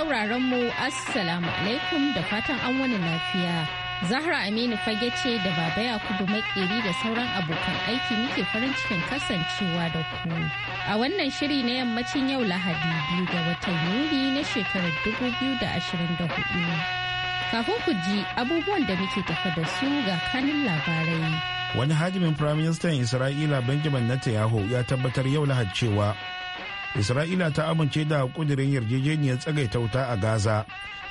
sauraron mu assalamu alaikum da fatan an wani lafiya. Zahra Aminu fage ce da baba Yakubu makeri da sauran abokan aiki muke farin cikin kasancewa da ku. A wannan shiri na yammacin yau Lahadi biyu ga watan Yuli na shekarar 2024. kafin ku ji abubuwan da muke tafa da su ga kanin labarai. Wani hajimin Firaministan Isra'ila Benjamin Netanyahu ya tabbatar yau lahad cewa isra'ila ta amince da kudirin yarjejeniyar tsagaita wuta a gaza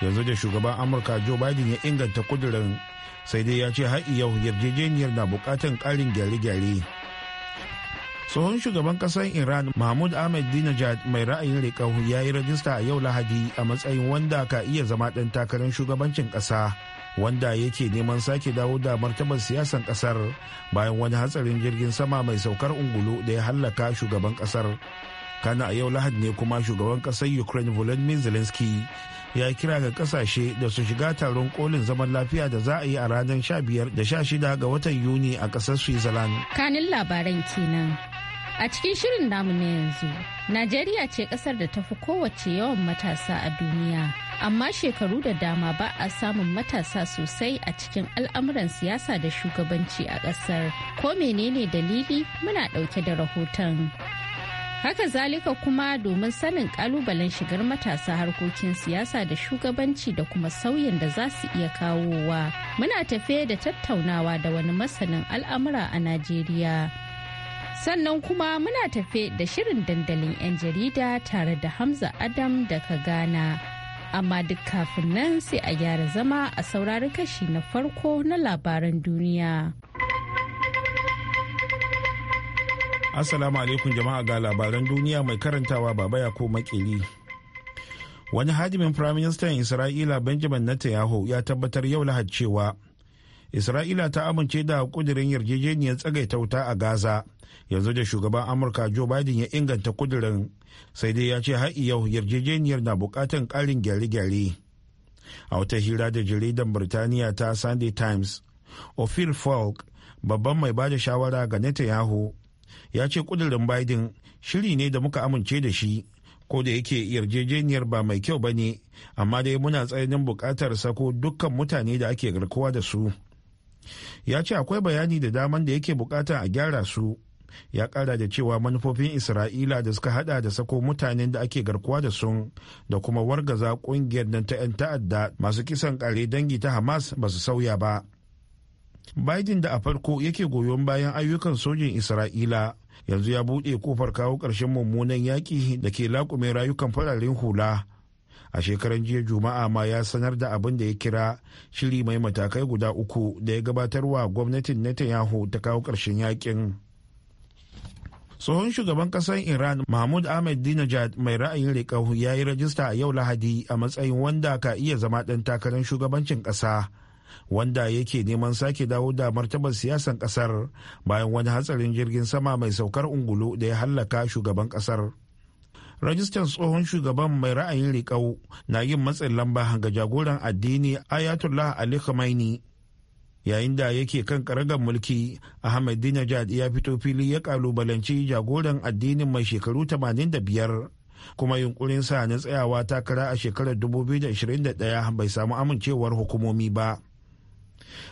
yanzu da shugaban amurka joe biden ya inganta kudirin sai dai ya ce har yau yarjejeniyar na buƙatar ƙarin gyare-gyare tsohon shugaban ƙasar iran mahmud ahmed dinajad mai ra'ayin riƙau ya yi rajista a yau lahadi a matsayin wanda ka iya zama ɗan takarar shugabancin ƙasa wanda yake neman sake dawo da martabar siyasan ƙasar bayan wani hatsarin jirgin sama mai saukar ungulu da ya hallaka shugaban ƙasar kana a yau lahadi ne kuma shugaban kasar ukraine volodymyr zelensky ya kira ga kasashe da su shiga taron kolin zaman lafiya da za a yi a ranar 15 da 16 ga watan yuni a kasar switzerland kanin labaran kenan a cikin shirin namu na yanzu najeriya ce kasar da tafi kowace yawan matasa a duniya amma shekaru da dama ba a samun matasa sosai a cikin al'amuran siyasa da shugabanci a kasar ko menene dalili muna dauke da rahoton haka zalika kuma domin sanin kalubalen shigar matasa harkokin siyasa da shugabanci da kuma sauyin da za su iya kawowa muna tafe da tattaunawa da wani masanin al'amura a najeriya sannan kuma muna tafe da shirin dandalin 'yan jarida tare da hamza adam daga ghana amma duk kafin nan sai a gyara zama a saurari kashi na farko na labaran duniya. Assalamu alaikum jama'a ga labaran duniya mai karantawa baba ya ko makili. Wani hadimin Firaministan Isra'ila Benjamin Netanyahu ya tabbatar yau lahad cewa Isra'ila ta amince da kudirin yarjejeniyar tsagaita wuta a Gaza yanzu da shugaban Amurka Joe Biden ya inganta kudirin sai dai ya ce har yau yarjejeniyar na bukatan karin gyare-gyare. A wata hira da jaridan Birtaniya ta Sunday Times, Ophir Falk, babban mai bada shawara ga Netanyahu ya ce kudirin biden shiri ne da muka amince da shi ko da yake yarjejeniyar ba mai kyau ba ne amma dai muna tsananin buƙatar sako dukkan mutane da ake garkuwa da su ya ce akwai bayani da daman da yake bukata a gyara su ya kara da cewa manufofin isra'ila da suka hada da sako mutanen da ake garkuwa da sun da kuma wargaza ƙungiyar nan ta 'yan ta'adda masu kisan kare dangi ta hamas ba su sauya ba Biden da a farko yake goyon bayan ayyukan sojin Isra'ila yanzu ya buɗe kofar kawo ƙarshen mummunan yaƙi da ke laƙume rayukan fararen hula. A shekaran jiya Juma'a ma ya sanar da abin da ya kira shiri mai matakai guda uku da ya gabatarwa gwamnatin Netanyahu ta kawo ƙarshen yaƙin. tsohon shugaban kasar iran mahmud ahmed dinajad mai ra'ayin riƙau ya yi rajista a yau lahadi a matsayin wanda ka iya zama ɗan takarar shugabancin ƙasa wanda yake neman sake dawo da martabar siyasan kasar bayan wani hatsarin jirgin sama mai saukar ungulu da ya hallaka shugaban kasar rajistan tsohon shugaban mai ra'ayin riƙau na yin matsin lamba ga jagoran addini ayatollah ali khamenei yayin da yake kan karagar mulki ahmadinejad ya fito fili ya kalubalanci jagoran addinin mai shekaru 85 kuma yunkurinsa na tsayawa takara a shekarar 2021 bai samu amincewar hukumomi ba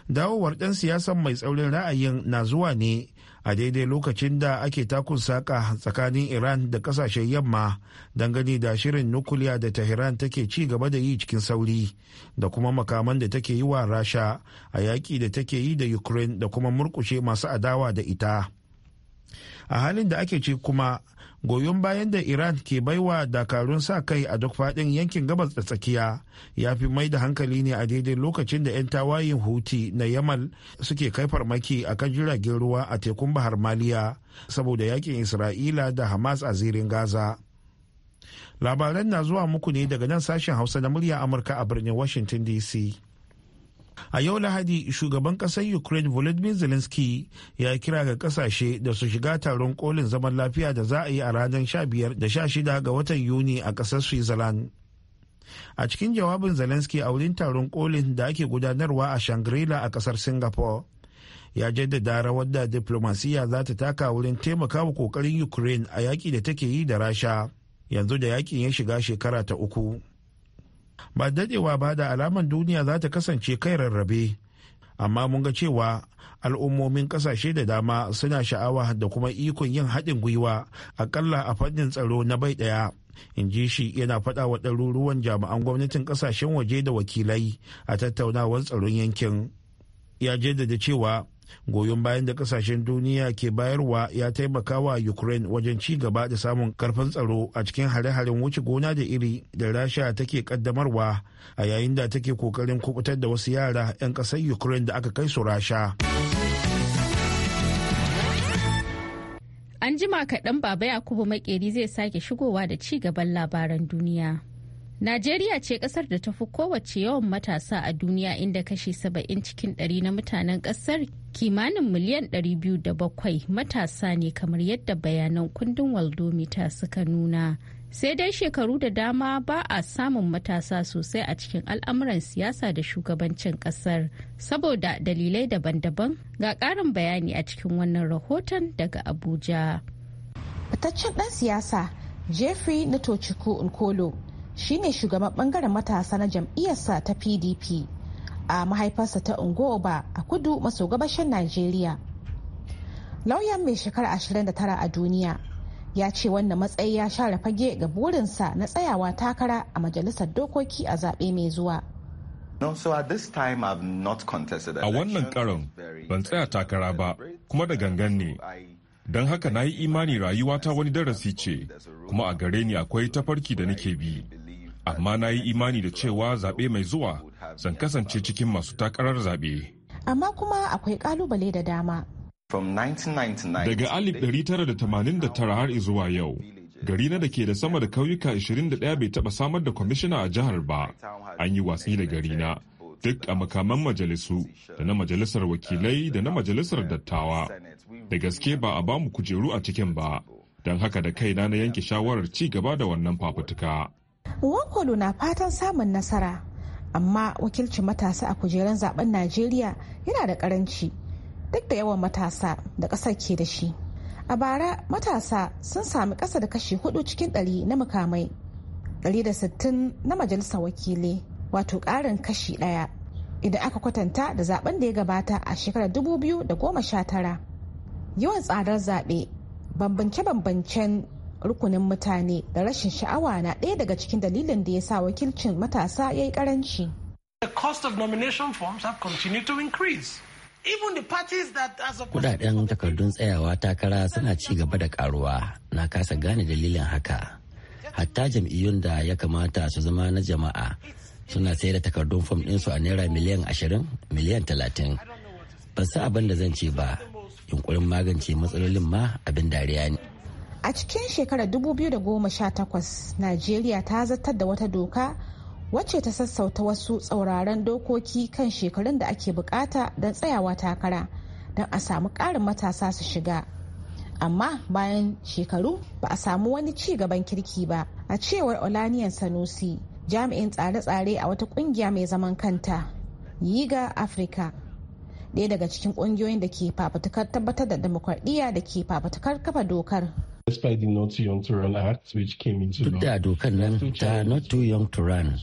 dawowar ɗan siyasan mai tsaurin ra'ayin na zuwa ne a daidai lokacin da ake takun saka tsakanin iran da kasashen yamma dangane da shirin nukuliya da tehran take ci gaba da yi cikin sauri da kuma makaman da take yi wa rasha a yaƙi da take yi da ukraine da kuma murkushe masu adawa da ita a halin da ake ci kuma goyon bayan da iran ke baiwa dakarun sa kai a duk fadin yankin gabas da tsakiya ya fi mai da hankali ne a daidai lokacin da 'yan tawayin huti na yamal suke kai farmaki a kan jiragen ruwa a tekun bahar maliya saboda yakin isra'ila da hamas a zirin gaza labaran na zuwa muku ne daga nan sashen hausa na murya amurka a birnin washington dc A yau Lahadi shugaban ƙasar Ukraine Volodymyr Zelensky ya kira ga ƙasashe da su shiga taron kolin zaman lafiya da za a yi a ranar 15 da 16 ga watan Yuni a ƙasar Switzerland. A cikin jawabin Zelensky a wurin taron kolin da ake gudanarwa a shangri a ƙasar Singapore. Ya jaddada rawar da diplomasiya za ta taka wurin taimakawa ƙoƙarin Ukraine a yaƙi da take yi da Rasha yanzu da yaƙin ya shiga shekara ta uku. ba dadewa ba da alaman duniya za ta kasance kai rarrabe amma mun ga cewa al'ummomin kasashe da dama suna sha'awa da kuma ikon yin haɗin gwiwa akalla a fannin tsaro na bai ɗaya in ji shi yana faɗa wa ɗaruruwan jami'an gwamnatin kasashen waje da wakilai a tattaunawar tsaron yankin ya jaddada cewa goyon bayan da kasashen duniya ke bayarwa ya taimaka wa ukraine wajen ci gaba da samun karfin tsaro a cikin hare-haren wuce gona da iri da rasha take kaddamarwa a yayin da take kokarin kubutar da wasu yara 'yan kasar ukraine da aka kai su rasha an jima kaɗan baba yakubu makeri zai sake shigowa da ci gaban labaran duniya Najeriya ce kasar da ta fi kowace yawan matasa a duniya inda kashe saba'in cikin 100 na mutanen kasar kimanin miliyan biyu da bakwai matasa ne kamar yadda bayanan kundin waldomita suka nuna. Sai dai shekaru da dama ba a samun matasa sosai a cikin al'amuran siyasa da shugabancin kasar saboda dalilai daban-daban ga ƙarin bayani a cikin wannan rahoton daga Abuja. Fitaccen ɗan siyasa Jeffrey Natochukwu Nkolo shine shugaban bangaren matasa na jam'iyyarsa ta pdp a mahaifarsa ta ungoba a kudu maso gabashin najeriya lauyan mai shekara 29 a duniya ya ce wannan matsayi ya share fage ga burinsa na tsayawa takara a majalisar dokoki a zaɓe mai zuwa A wannan karon ban tsaya takara ba, kuma da gangan ne. Don haka na yi imani rayuwa ta wani darasi ce, kuma a gare ni akwai tafarki da nake bi. amma na yi imani da cewa zaɓe mai zuwa zan kasance cikin masu takarar zaɓe. Amma kuma akwai ƙalubale da dama. Daga 1989 har zuwa yau, gari na da ke da sama da kauyuka 21 bai taɓa samar da kwamishina a jihar ba, an yi watsi da gari na. duk a makaman majalisu da na majalisar wakilai da na majalisar dattawa da gaske ba a bamu kujeru a cikin ba don haka da kaina na yanke shawarar ci gaba da wannan fafutuka Nwankolo na fatan samun nasara, amma wakilcin matasa a kujerun zaben Najeriya yana da karanci duk da yawan matasa da ƙasar ke da shi. A bara matasa sun sami ƙasa da kashi hudu cikin ɗari na mukamai, da sittin na majalisar wakilai, wato ƙarin kashi ɗaya. Idan aka kwatanta da zaben da ya gabata a shekarar tara Yawan tsadar zaɓe, bambance-bambancen rukunin mutane da rashin sha'awa na ɗaya daga cikin dalilin da ya sa wakilcin matasa ya yi ƙaranci. The cost of nomination forms have continued to increase. Kudaden takardun tsayawa takara suna ci gaba da karuwa na kasa gane dalilin haka. Hatta jam'iyyun da ya kamata su zama na jama'a suna sayar da takardun fom ɗinsu a naira miliyan ashirin miliyan talatin. Ban sa abin da zan ce ba, yunkurin magance matsalolin ma abin dariya ne. A cikin shekarar 2018, Najeriya ta zartar da wata doka wacce ta sassauta wasu tsauraran dokoki kan shekarun da ake bukata don tsayawa takara don a samu karin matasa su shiga. Amma bayan shekaru ba a samu wani ci gaban kirki ba, a cewar Olaniyan Sanusi, jami'in tsare-tsare a wata kungiya mai zaman kanta, Yiga afirka ɗaya daga cikin ƙungiyoyin da ke fafutukar tabbatar da demokradiyya da ke fafutukar kafa dokar despite the Not Young to Run Act which came into Duk da dokar nan ta Not Too Young to Run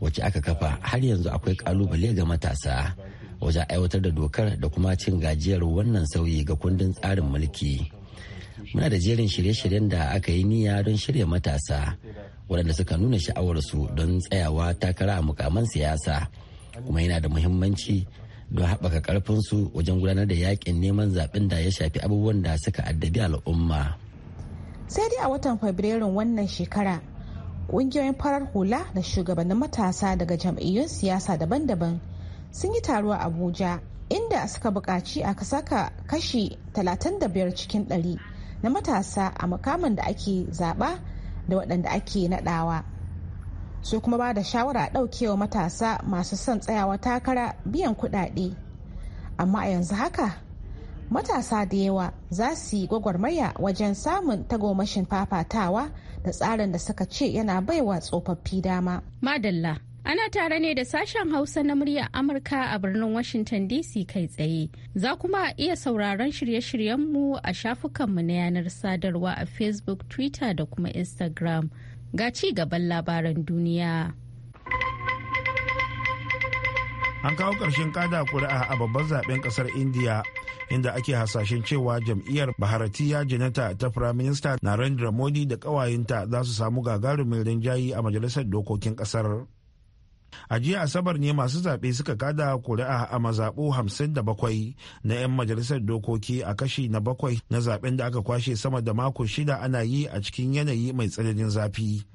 wacce aka kafa har yanzu akwai kalubale ga matasa wajen aiwatar da dokar da kuma cin gajiyar wannan sauyi ga kundin tsarin mulki. Muna da jerin shirye-shiryen da aka yi niyya don shirya matasa waɗanda suka nuna sha'awar su don tsayawa takara a mukaman siyasa kuma yana da muhimmanci don haɓaka ƙarfinsu wajen gudanar da yaƙin neman zaɓen da ya shafi abubuwan da suka addabi al'umma. sai dai a watan fabrairun wannan shekara kungiyoyin farar hula da shugabannin matasa daga jam'iyyun siyasa daban-daban sun yi taro a abuja inda suka buƙaci a saka kashi 35 cikin 100 na matasa a makaman da ake zaɓa da waɗanda ake naɗawa su kuma ba da shawara a ɗaukewa matasa masu son tsayawa takara biyan kuɗaɗe amma a yanzu haka matasa da yawa za su yi gwagwarmaya wajen samun tagomashin fafatawa da tsarin da suka ce yana baiwa tsofaffi dama. Madalla, ana tare ne da sashen Hausa na muryar Amurka a birnin Washington DC kai tsaye. Za kuma iya sauraron shirye-shiryenmu a shafukanmu na yanar sadarwa a Facebook, Twitter da kuma Instagram. Ga ci gaban labaran duniya. an kawo ƙarshen kada kuri'a a babban zaben ƙasar india inda ake hasashen cewa jam'iyyar baharatiya janata ta firaminista narendra modi da ƙawayenta za su samu gagarumin rinjayi a majalisar dokokin ƙasar a jiya asabar ne masu zaɓe suka kada kuri'a a mazaɓu 57 na 'yan majalisar dokoki a kashi na bakwai na zaɓen da aka kwashe sama da mako shida ana yi a cikin yanayi mai tsananin zafi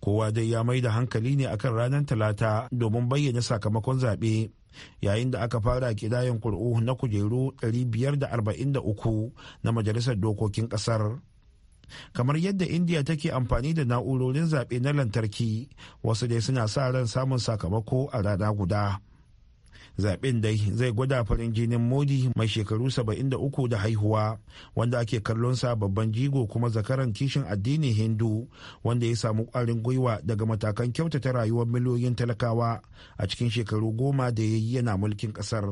kowa dai ya mai da hankali ne akan ranar talata domin bayyana sakamakon zaɓe yayin da aka fara kidayen kur'u na kujeru 543 na majalisar dokokin ƙasar kamar yadda indiya take amfani da na'urorin zaɓe na lantarki wasu dai suna sa ran samun sakamako a rana guda zaben dai zai gwada farin jinin modi mai shekaru 73 da haihuwa wanda ake kallon sa babban jigo kuma zakaran kishin addinin hindu wanda ya samu kwarin gwiwa daga matakan kyautata rayuwar miliyoyin talakawa a cikin shekaru goma da ya yi yana mulkin kasar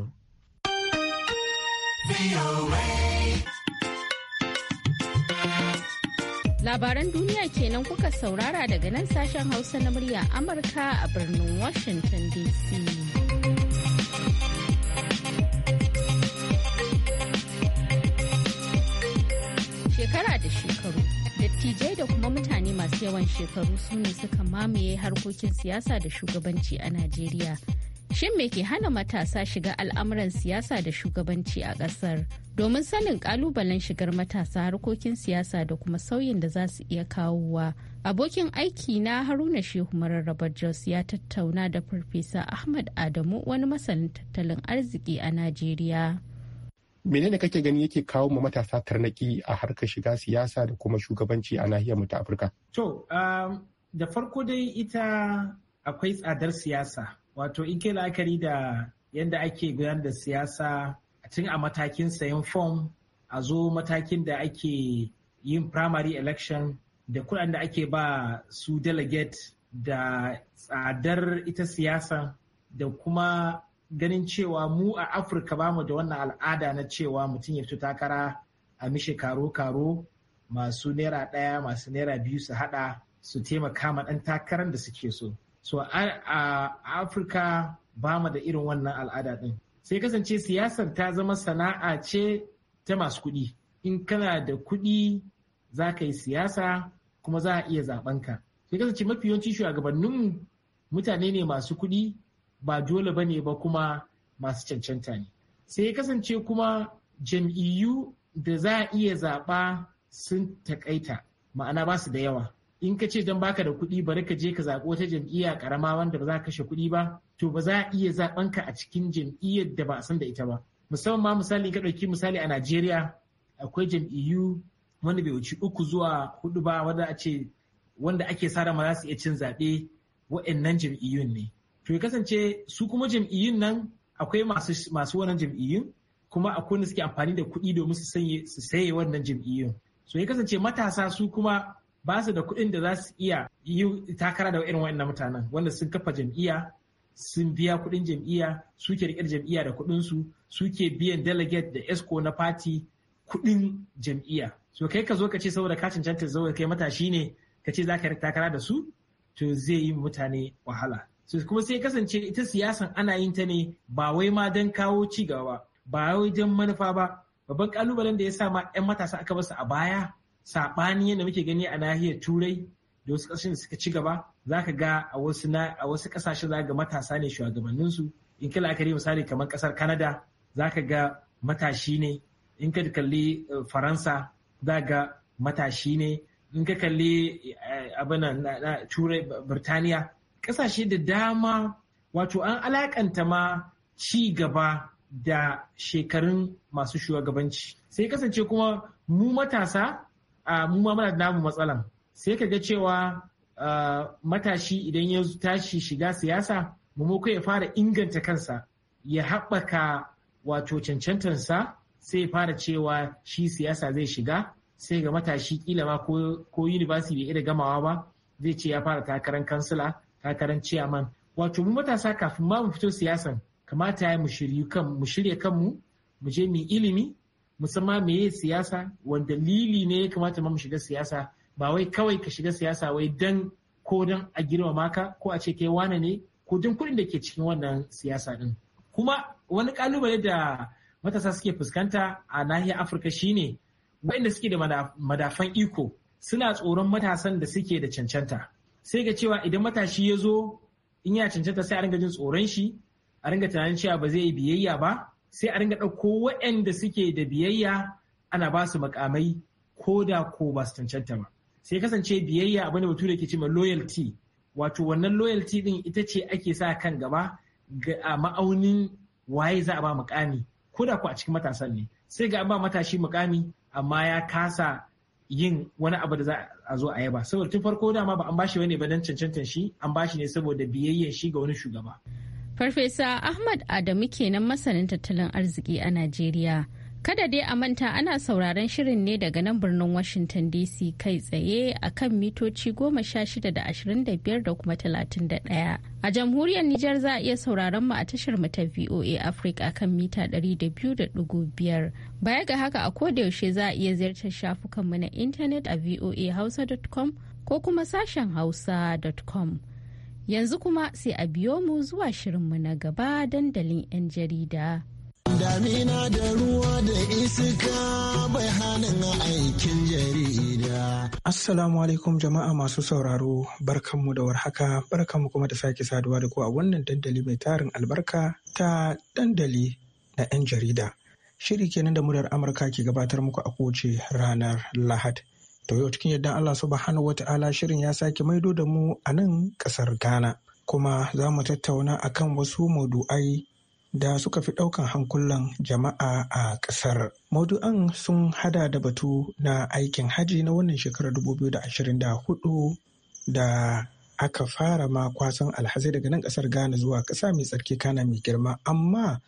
labaran duniya kenan kuka saurara daga nan sashen hausa na murya amurka a birnin washington dc dattijai da kuma mutane masu yawan shekaru su ne suka mamaye harkokin siyasa da shugabanci a najeriya shin me ke hana matasa shiga al'amuran siyasa da shugabanci a ƙasar domin sanin ƙalubalen shigar matasa harkokin siyasa da kuma sauyin da za su iya kawowa abokin aiki na haruna shehu mararraba jos ya tattauna da farfesa ahmad adamu wani masanin tattalin arziki a najeriya menene kake gani yake kawo ma matasa tarnaki a harkar shiga siyasa da kuma shugabanci a nahiyar mu ta afirka to um, da farko dai ita akwai tsadar siyasa wato in kai la'akari da yadda ake gudanar da siyasa a tun a matakin sayan fom a zo matakin da ake yin primary election da kuɗin da ake ba su delegate da tsadar ita siyasa da kuma ganin cewa mu a afirka ba mu da wannan al'ada na cewa mutum ya fito takara a mishi karo-karo masu naira ɗaya masu naira biyu su haɗa su taimaka ma ɗan takarar da suke so so a afirka ba mu da irin wannan al'ada ɗin sai kasance siyasar ta zama sana'a ce ta masu kuɗi in kana da kuɗi za ka yi siyasa kuma za a iya zaɓen ka sai kasance mafi yawanci shugabanninmu mutane ne masu kuɗi ba dole ba ne ba kuma masu cancanta ne sai ya kasance kuma jam'iyyu da za a iya zaɓa sun takaita ma'ana ba su da yawa in ka ce don baka da kuɗi bari ka je ka zaɓi wata jam'iyya ƙarama wanda ba za ka kashe kuɗi ba to ba za a iya zaɓen ka a cikin jam'iyyar da ba a san da ita ba musamman ma misali ka ɗauki misali a Najeriya akwai jam'iyyu wanda bai wuci uku zuwa hudu ba wanda a ce wanda ake sa ma za su iya cin zaɓe wa'annan jam'iyyun ne to ya kasance su kuma jam'iyyun nan akwai masu masu wannan jam'iyyun kuma akwai wanda suke amfani da kuɗi domin su sanye su saye wannan jam'iyyun so ya kasance matasa su kuma ba su da kuɗin da za su iya yi takara da irin wa'annan mutanen wanda sun kafa jam'iyya sun biya kuɗin jam'iyya suke riƙe jam'iyya da kuɗin su suke biyan delegate da esco na party kuɗin jam'iyya so kai ka zo ka ce saboda ka cancanta zo kai matashi ne ka ce za ka takara da su to zai yi mutane wahala kuma sai kasance ita siyasan ana yin ta ne ba wai ma don kawo ci gaba ba wai don manufa ba babban kalubalen da ya sa ma 'yan matasa aka basu a baya saɓani yadda muke gani a nahiyar turai da wasu ƙasashen da suka ci gaba za ka ga a wasu a wasu ƙasashen za ga matasa ne shugabanninsu in kila aka yi misali kamar ƙasar Kanada za ka ga matashi ne in ka kalli eh, Faransa za ga matashi ne in ka kalli eh, abin Turai Birtaniya kasashe da dama wato an alakanta ma ci gaba da shekarun masu shugabanci sai kasance kuma mu matasa a mu ma muna namu matsalan sai ka ga cewa matashi idan ya tashi shiga siyasa mamako ya fara inganta kansa ya haɓaka wato cancantansa sai ya fara cewa shi siyasa zai shiga sai ga matashi kila ma ko yunibasi bai iya gamawa ba zai ce ya fara takarar kansila takarar ciyaman wato mu matasa kafin ma mu fito siyasan kamata ya mu shirya kanmu mu je mu ilimi mu san ma siyasa wanda lili ne ya kamata ma mu shiga siyasa ba wai kawai ka shiga siyasa wai dan ko dan a girma maka ko a ce kai wane ne ko dan kuɗin da ke cikin wannan siyasa din kuma wani kalubale da matasa suke fuskanta a nahiyar afirka shine waɗanda suke da madafan iko suna tsoron matasan da suke da cancanta sai ga cewa idan matashi ya zo in ya cancanta sai a ringa jin tsoron shi a ringa tunanin cewa ba zai yi biyayya ba sai a ringa ɗauko waɗanda suke da biyayya ana ba su makamai ko da ko ba su cancanta ba sai kasance biyayya abin da bature ke cewa loyalty wato wannan loyalty din ita ce ake sa kan gaba ga ma'aunin waye za a ba mukami ko da ko a cikin matasan ne sai ga an ba matashi mukami amma ya kasa yin wani abu da za a zo a yaba saboda tun farko dama ba an bashi wani ba don cancantan shi an bashi ne saboda biyayyen shi ga wani shugaba. Farfesa Ahmad Adamu kenan masanin tattalin arziki a Najeriya. Kada dai a manta ana sauraron shirin ne daga nan birnin Washington DC kai tsaye a kan mitoci goma sha shida da ashirin da kuma talatin da ɗaya. A jamhuriyar Nijar za a iya sauraron mu a tashar mu ta VOA Africa a kan mita ɗari da da biyar. Baya ga haka a yaushe za a iya ziyartar shafukan mu na intanet a voahausa.com ko kuma sashen hausa.com. Yanzu kuma sai a biyo mu zuwa shirin mu na gaba dandalin 'yan jarida. Damina da ruwa da iska bai hannun aikin jarida. Assalamu alaikum jama'a masu sauraro barkanmu da warhaka barkanmu kuma da sake saduwa da ku a wannan dandali mai tarin albarka ta dandali na 'yan jarida. Shiri kenan da murar Amurka ke gabatar muku a kowace ranar Lahad. To yau cikin yadda Allah subhanahu wata'ala shirin ya sake maido da mu a nan kasar Ghana. Kuma za mu tattauna akan wasu maudu'ai da suka fi ɗaukan hankulan jama'a a ƙasar. Maudu'an sun hada da batu na aikin haji na wannan shekarar 2024 da aka fara ma kwasan alhazai daga nan ƙasar Ghana zuwa ƙasa mai tsarki kana mai girma amma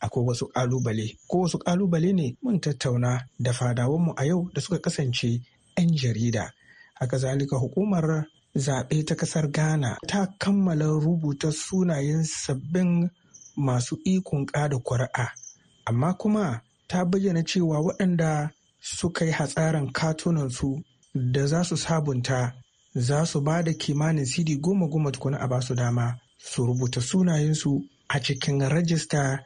akwai wasu ƙalubale. Ko wasu ƙalubale ne mun tattauna da fadawanmu a yau da suka kasance 'yan jarida. A zalika hukumar zaɓe ta ƙasar Ghana ta kammala rubuta sunayen sabbin masu ikon kada kuri'a amma kuma ta bayyana cewa waɗanda suka yi hatsarin katunansu da za su sabunta za su ba da kimanin cd goma goma tukuna a basu dama su rubuta sunayensu a cikin rajista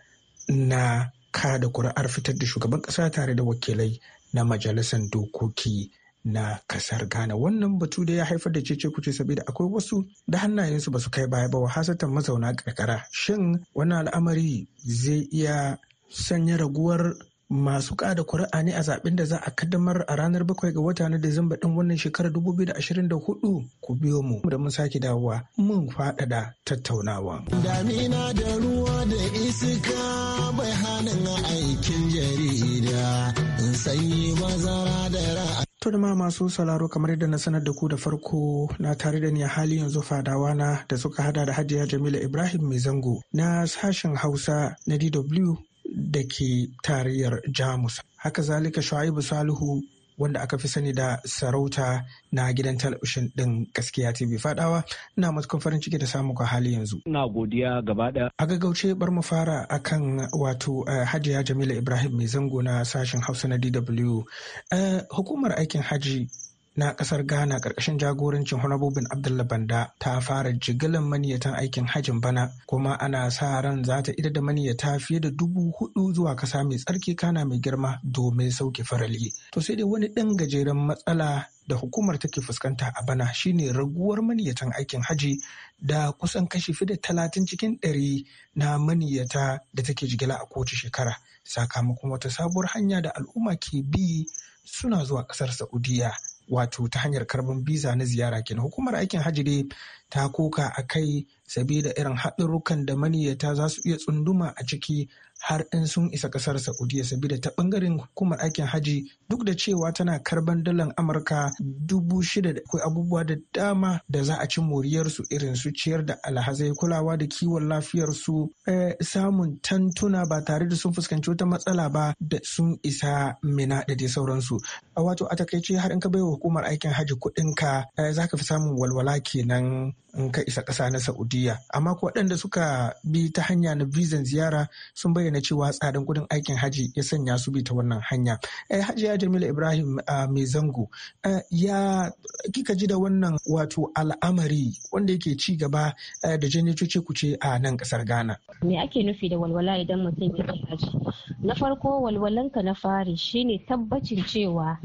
na kada kuri'ar fitar da shugaban ƙasa tare da wakilai na majalisar dokoki na kasar Ghana. Wannan batu da ya haifar da cece kuce saboda akwai wasu da hannayensu ba su kai baya ba wahasatan mazauna karkara. Shin wannan al'amari zai iya sanya raguwar masu kada kuri'a ne a zaben da za a kaddamar a ranar bakwai ga wata na Disamba din wannan shekarar 2024 ku biyo mu da mun sake dawowa mun faɗaɗa tattaunawa. Damina da ruwa da iska bai hana aikin jarida sanyi bazara da ra'a. To da ma masu sauraro kamar yadda na sanar da ku da farko na tare da ni a hali yanzu fadawa na da suka hada da Hajiya Jamila Ibrahim Mai Zango na sashen Hausa na DW da ke tarayyar Jamus. Haka zalika Shu'aibu Salihu wanda aka fi sani da sarauta na gidan talabishin ɗin gaskiya TV fadawa na matukar farin ciki da samu ka hali yanzu. na godiya gaba ɗaya. A gaggauce bar mu fara akan eh, wato eh, Hajiya Jamila Ibrahim mai zango na sashen Hausa na DW. Eh, hukumar aikin Haji na kasar Ghana karkashin jagorancin Honorable bin Abdullah Banda ta fara jigilar maniyatan aikin hajjin bana kuma ana sa ran za ta ida da maniyata fiye da dubu hudu zuwa kasa mai tsarki kana mai girma domin sauke farali. To sai dai wani ɗan gajeren matsala da hukumar take fuskanta a bana shine raguwar maniyatan aikin haji da kusan kashi fi da talatin cikin ɗari na maniyata da take jigila a kowace shekara sakamakon wata sabuwar hanya da al'umma ke bi suna zuwa ƙasar saudiya wato ta hanyar karɓar biza na ziyara kenan hukumar aikin hajji ta koka a kai sabida irin haɗurrukan da maniyyata za su iya tsunduma a ciki har in sun isa ƙasar saudiya sabida ta ɓangaren hukumar aikin haji duk da cewa tana karban dalan amurka dubu shida da akwai abubuwa da dama da za a ci moriyarsu irin su ciyar da alhazai kulawa da kiwon lafiyarsu eh, samun tantuna ba tare da sun fuskanci wata matsala ba da sun isa mina da dai sauransu a wato a takaice har in ka baiwa hukumar aikin haji kuɗinka eh, za ka fi samun walwala kenan in ka isa ƙasa na saudiya jiya amma ko waɗanda suka bi ta hanya na bizan ziyara sun bayyana cewa tsadan kudin aikin haji ya sanya su bi ta wannan hanya eh, hajiya jamila ibrahim mai zango ya kika ji da wannan wato al'amari wanda yake ci gaba da janye cuce kuce a nan kasar ghana me ake nufi da walwala idan mutum ya haji na farko walwalanka na fari shine tabbacin cewa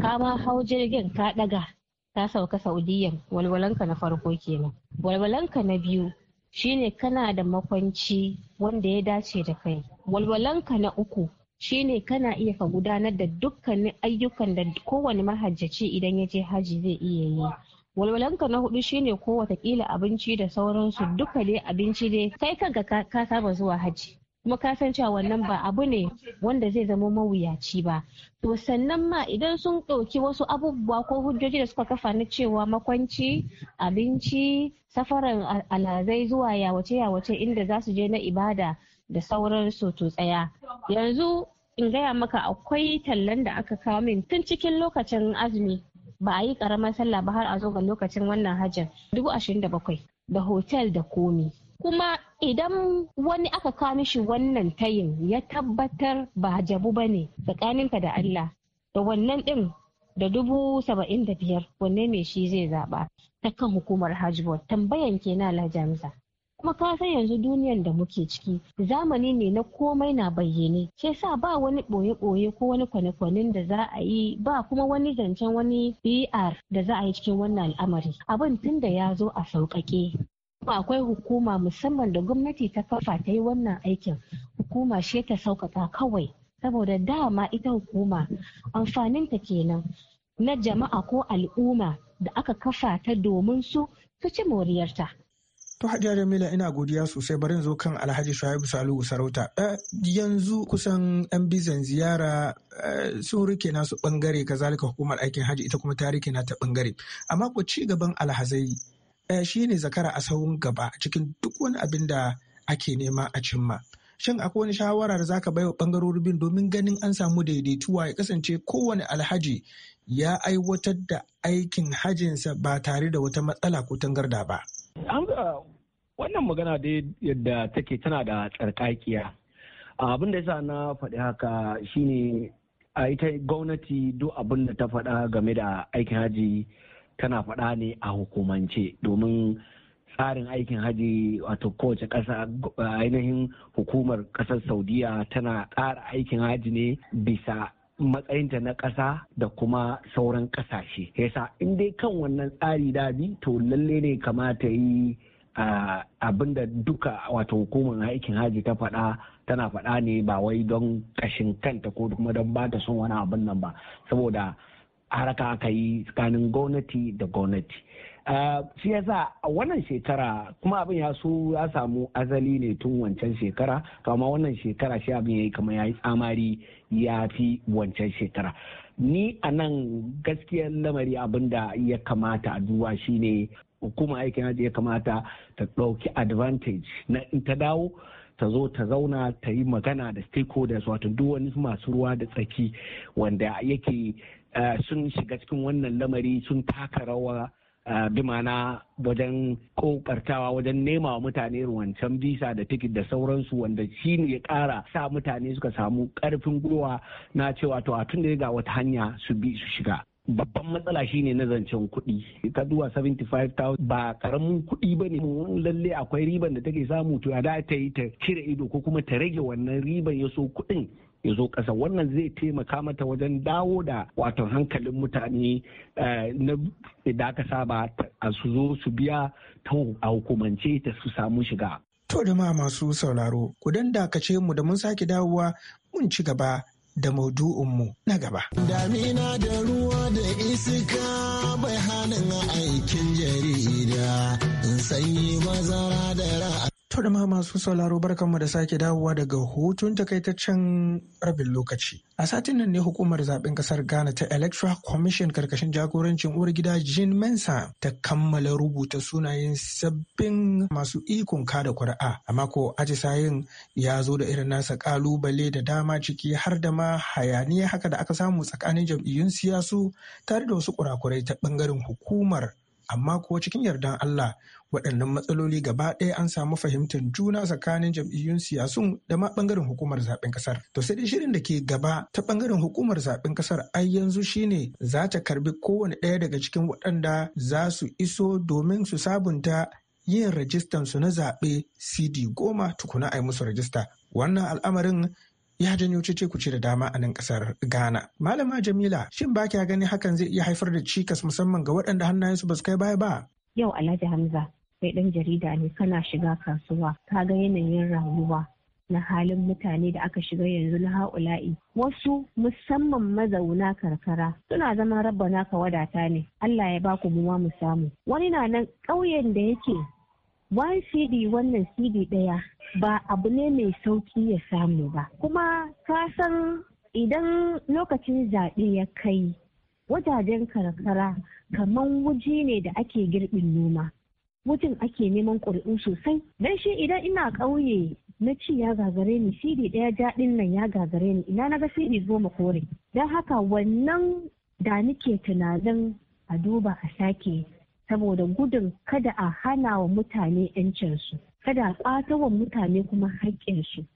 ka ma hau jirgin ka daga ta sauka saudiyan walwalanka na farko kenan walwalanka na biyu shine kana da makwanci wanda ya dace da kai walwalanka na uku shine kana iya ka gudanar da dukkanin ayyukan da kowane mahajjaci idan ya je haji zai iya yi walwalanka na hudu shine ko watakila abinci da sauransu duka dai abinci dai kai kanka ka saba zuwa haji kuma ka san cewa wannan ba abu ne wanda zai zama mawuyaci ba to sannan ma idan sun ɗauki wasu abubuwa ko hujjoji da suka kafa na cewa makwanci abinci safaran alhazai zuwa yawace yawace inda za su je na ibada da sauransu to tsaya yanzu in gaya maka akwai tallan da aka kawo min tun cikin lokacin azumi ba a yi karamar sallah ba har a zo ga lokacin wannan hajjin dubu ashirin da bakwai da hotel da komi kuma idan wani aka kawo shi wannan tayin ya tabbatar ba jabu ba ne tsakaninka da Allah da wannan din, da dubu saba'in da biyar wanne mai shi zai zaɓa ta kan hukumar hajjibot tambayan ke na Hamza. kuma ka san yanzu duniyan da muke ciki zamani ne na komai na bayyane ke sa ba wani ɓoye-ɓoye ko wani kwane-kwanen da za a yi ba kuma wani zancen wani pr da za a yi cikin wannan al'amari abin tun da ya zo a sauƙaƙe akwai hukuma musamman da gwamnati ta kafa ta yi wannan aikin hukuma shi ta sauƙaƙa kawai saboda dama ita hukuma amfaninta kenan na jama'a ko al'umma da aka kafa ta domin su su ci moriyarta. To Hajiya Jamila ina godiya sosai barin zo kan Alhaji Shuaibu Salihu Sarauta. Eh, yanzu kusan yan bizan ziyara eh, sun rike nasu bangare kazalika hukumar aikin hajji ita kuma ta rike ta bangare. Amma ku ci gaban alhazai Eh, shi ne zakara a sahun gaba cikin duk wani abin da ake nema a cimma. Shin akwai wani shawara da zaka baiwa bangarorin bin domin ganin an samu daidaituwa ya kasance kowane alhaji ya aiwatar da aikin hajinsa ba tare da wata matsala ko tangarda ba. Ah, wannan magana da yadda take tana da tsarkakiya. Ah, abin da ya sa na faɗi haka shine a ita gwamnati duk abin da ta faɗa game da aikin haji tana faɗa ne a hukumance domin tsarin aikin haji wato kowace ƙasa ainihin hukumar ƙasar saudiya tana tsara aikin hajji ne bisa matsayinta na ƙasa da kuma sauran ƙasashe yasa in dai kan wannan tsari dabi to lalle ne kamata yi abinda duka wato hukumar aikin haji ta faɗa tana faɗa ne ba wai don ƙashin kanta ko kuma don ba ta son wani abin nan ba saboda haraka aka yi tsakanin gwamnati da gwamnati ah, shi yasa a wannan shekara kuma abin ya so ya samu azali ne tun wancan shekara to amma wannan shekara shi abin ya yi kamar ya yi tsamari ya fi wancan shekara ni a nan gaskiyar lamari abin da ya kamata a duwa shine hukuma aikin da ya kamata ta ɗauki advantage na in ta dawo ta zo ta zauna ta yi magana da stakeholders wato duk wani masu ruwa da tsaki wanda yake Eh, sun shiga cikin wannan lamari sun taka rawa eh, bi wajen kokartawa wajen nema wa mutane wancan bisa da tikit da sauransu wanda shi ne ya kara sa mutane suka samu karfin gwiwa na cewa to a tun da ga wata hanya su bi su shiga babban matsala shi ne na zancen kuɗi ka duwa 75,000 ba karamin kuɗi ba ne lalle akwai riban da take samu to da ta yi ta cire ido ko kuma ta rage wannan riban ya so kuɗin ya zo ƙasa wannan zai taimaka mata wajen dawo da wato hankalin mutane eh, na da aka saba a su zo su biya ta a hukumance ta su samu shiga. To da ma masu sauraro, ku dan dakace mu da mun sake dawowa mun ci gaba da mu na gaba. Damina da ruwa da iska bai hannun aikin jarida, sanyi mazara da ra'a. To da masu sauraro barkanmu da sake dawowa daga hutun takaitaccen rabin lokaci. A satin nan ne hukumar zaben kasar Ghana ta Electoral Commission karkashin jagorancin uwar gida Jean Mensa ta kammala rubuta sunayen sabbin masu ikon kada kuri'a. A mako ajisayin ya zo da irin nasa kalubale da dama ciki har da ma hayaniya haka da aka samu tsakanin jam'iyyun siyasu tare da wasu kurakurai ta bangaren hukumar amma ko cikin yardan Allah waɗannan matsaloli gaba ɗaya an samu fahimtar juna tsakanin jam'iyyun siyasun da ma ɓangaren hukumar zaɓen ƙasar. To sai dai shirin da ke gaba ta ɓangaren hukumar zaɓen ƙasar ai yanzu shine za ta karbi kowane ɗaya daga cikin waɗanda za su iso domin su sabunta yin rajistan su na zaɓe CD goma tukuna ai musu rajista. Wannan al'amarin ya janyo cece kuce da dama a nan kasar Ghana. Malama Jamila, shin ba kya gani hakan zai iya haifar da cikas musamman ga waɗanda hannayensu ba su kai baya ba? Yau Alhaji Hamza, sai ɗan jarida ne kana shiga kasuwa, ka ga yanayin rayuwa na halin mutane da aka shiga yanzu na ha'ula'i. Wasu musamman mazauna karkara suna zama rabba naka wadata ne, Allah ya baku mu mu samu. Wani na nan ƙauyen da yake Wani CD wannan CD ɗaya ba abu ne mai sauki ya samu ba. Kuma ka san idan lokacin zaɓe ya kai wajajen karkara kamar wuji ne da ake girbin noma. Wujin ake neman ƙuri'u sosai. Don shi idan ina ƙauye na ci ya gagare ni CD ɗaya jaɗin nan ya gagare ni ina na ga CD goma kore. Don haka wannan da nike tunanin a duba a sake saboda gudun kada a hana wa mutane 'yancinsu kada a ƙwata wa mutane kuma haƙƙinsu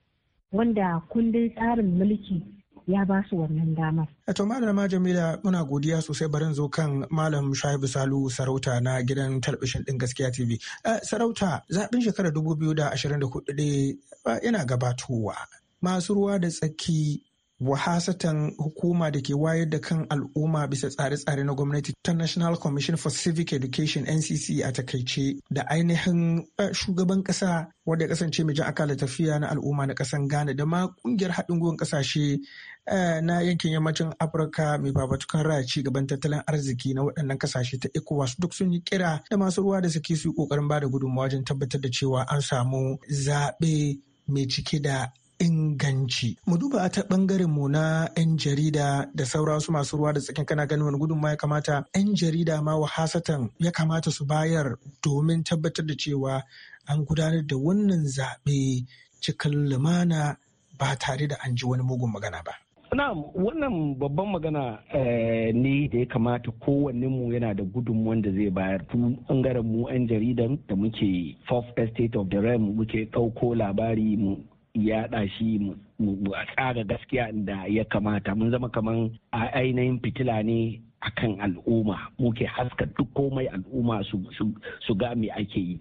wanda kundin tsarin mulki ya ba su wannan damar. A to malama Jamila muna godiya sosai barin zo kan malam Shaibu Salu Sarauta na gidan talabishin ɗin gaskiya TV. Eh, Sarauta zaɓin shekarar 2024 eh, yana gabatowa. Masu ruwa da tsaki wahasatan hukuma da ke wayar da kan al'umma bisa tsare-tsare na gwamnati ta National Commission for Civic Education NCC a takaice da ainihin eh, shugaban kasa wanda ya kasance mai akala tafiya na al'umma na kasan Ghana da ma kungiyar haɗin gwiwar kasashe eh, na yankin yammacin Afirka mai babatukan raya ci gaban tattalin arziki na waɗannan kasashe ta ECOWAS duk sun yi kira da masu ruwa da suke su yi ƙoƙarin bada da gudunmawa wajen tabbatar da cewa an samu zaɓe mai cike da inganci mu duba a ta ɓangaren mu na 'yan jarida da sauran su masu ruwa da tsakin kana ganin wani ma ya kamata 'yan jarida ma wahasatan ya kamata su bayar domin tabbatar da cewa an gudanar da wannan zaɓe cikin lumana ba tare da an ji wani mugun magana ba. Na'am wannan babban magana eh, ne da ya kamata kowanne mu yana da gudunmuwan da zai bayar tun bangaren mu 'yan jaridan da muke fourth estate of the realm muke ɗauko labari mu yaɗa shi mu a tsara gaskiya da ya kamata mun zama kaman a ainihin fitila ne akan al'umma muke haska duk komai al'umma su ga me ake yi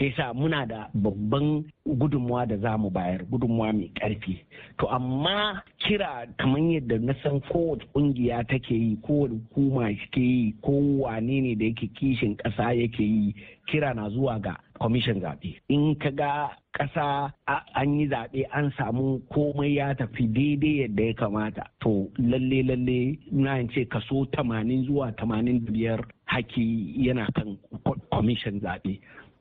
sai sa muna da babban gudunmuwa da za mu bayar gudunmuwa mai karfi to amma kira kamar yadda na san kowace ƙungiya take yi kowace hukuma ke yi wane ne da yake kishin ƙasa yake yi kira na zuwa ga kwamishin zaɓe in ka ga ƙasa an yi zaɓe an samu komai ya tafi daidai yadda ya kamata to lalle lalle na ce kaso 80 zuwa 85 haki yana kan kwamishin zaɓe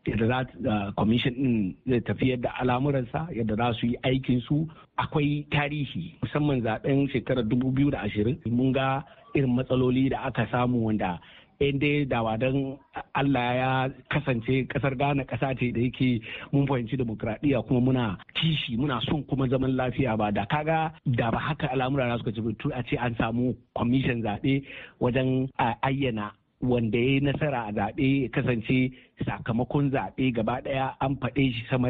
yadda za kwamishin uh, din zai tafi yadda al'amuransa yadda za su yi aikin su akwai tarihi musamman zaben shekarar biyu da ashirin mun ga irin matsaloli da aka samu wanda yan dai dawa don Allah ya kasance kasar Ghana kasa ce da yake mun fahimci demokradiyya kuma muna kishi muna son kuma zaman lafiya ba da kaga da ba haka al'amura na suka ci a ce an samu kwamishin zaɓe wajen uh, ayyana wanda ya yi nasara a zaɓe ya kasance sakamakon zaɓe gaba ɗaya an faɗe shi sama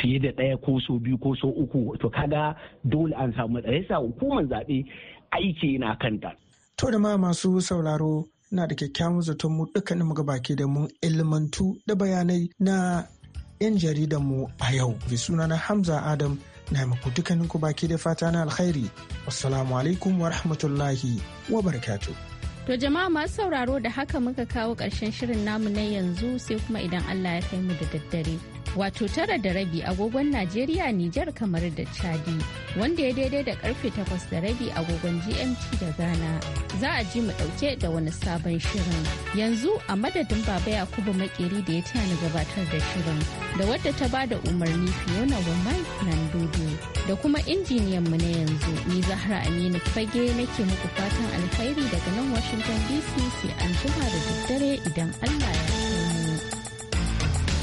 fiye da ɗaya ko so biyu ko so uku to kaga dole an samu matsala sa hukumar zaɓe aiki na kanta. To da ma masu sauraro na da kyakkyawan zaton mu dukkanin mu baki da mun ilmantu da bayanai na 'yan jaridan mu a yau. Bi na Hamza Adam na muku dukkanin ku baki da fata na alkhairi. Wasalamu alaikum wa rahmatullahi wa barakatuh. To jama'a masu sauraro da haka muka kawo ƙarshen shirin namu na yanzu sai kuma idan Allah ya kai mu da daddare. wato tara da rabi agogon Najeriya Nijar kamar da Chadi wanda ya daidai da karfe takwas da rabi agogon GMT da Ghana. Za a ji mu ɗauke da wani sabon shirin. Yanzu a madadin Baba Yakubu Makeri da ya tana gabatar da shirin da wadda ta ba da umarni Fiona mike nan dodo da kuma injiniyan mu na yanzu ni Zahra Aminu Fage nake muku fatan alkhairi daga nan Washington DC sai an jima da daddare idan Allah ya